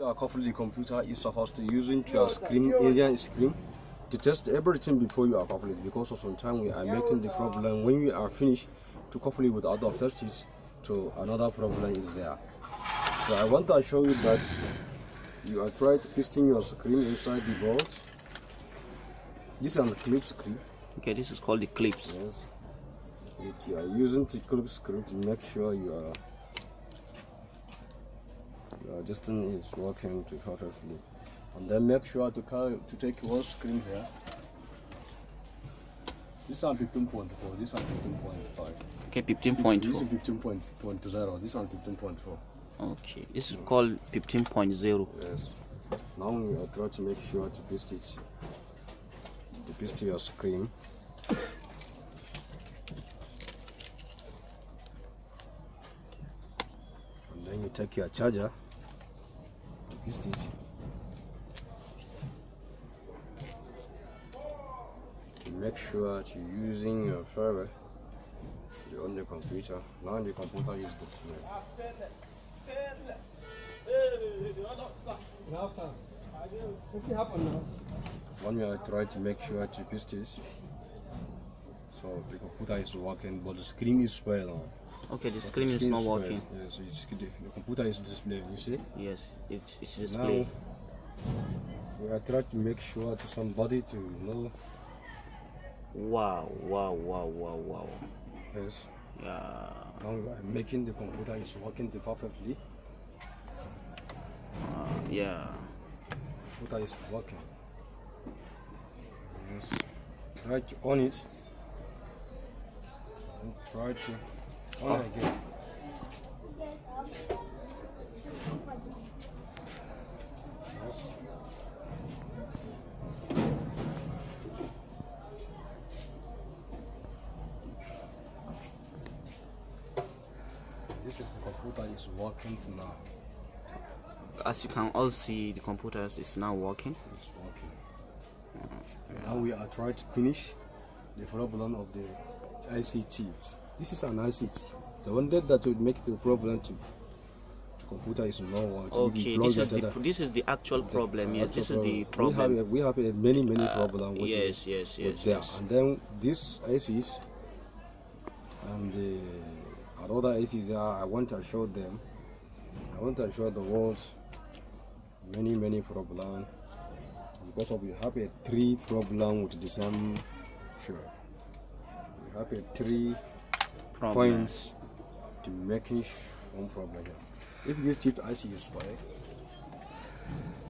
You are covering the computer is supposed to using to screen Indian screen to test everything before you are it because of sometimes we are making the problem when we are finished to cover it with other authorities to another problem is there. So I want to show you that you are trying to piston your screen inside the box. This is a clip screen. Okay, this is called the clips. Yes. you are using the clip screen to make sure you are uh, Justin is working to perfectly. And then make sure to carry, to take your screen here. This one 15.4, this one 15.5. Okay, 15.4. This is 15.0, this one 15.4. Okay, this is called 15.0. Yes. Now we are trying to make sure to paste it, to paste your screen. and then you take your charger пиздить. Make sure you're using your you're on the computer. Now the computer is the phone. Ah, when we try to make sure to piece this, so the computer is working, but the screen is well on. Okay, the screen, the screen is not working. Yeah, so you just, the computer is displaying, you see? Yes, it's, it's displaying. Now, are try to make sure to somebody to know. Wow, wow, wow, wow, wow. Yes. Yeah. Now I'm making the computer is working perfectly. Uh, yeah. Computer is working. Yes. Try to on it. And try to Oh, all right, good. This is the computer is working now. As you can all see, the computer is now working. It's working. Yeah. Now we are trying to finish the problem of the IC chips. This is an ASIC. The one that would make the problem to computer is not one. Okay, this is, the, this is the actual problem. The, yes, actual this problem. is the problem. We have a, we have a many many uh, problem. With yes, yes, yes, there. yes. And then this ICs and other another are. Uh, I want to show them. I want to show the world many many problem because of we have a three problem with the same. Sure, we have a three problem. Fines, to rakish, one problem. If this these I see you spoil,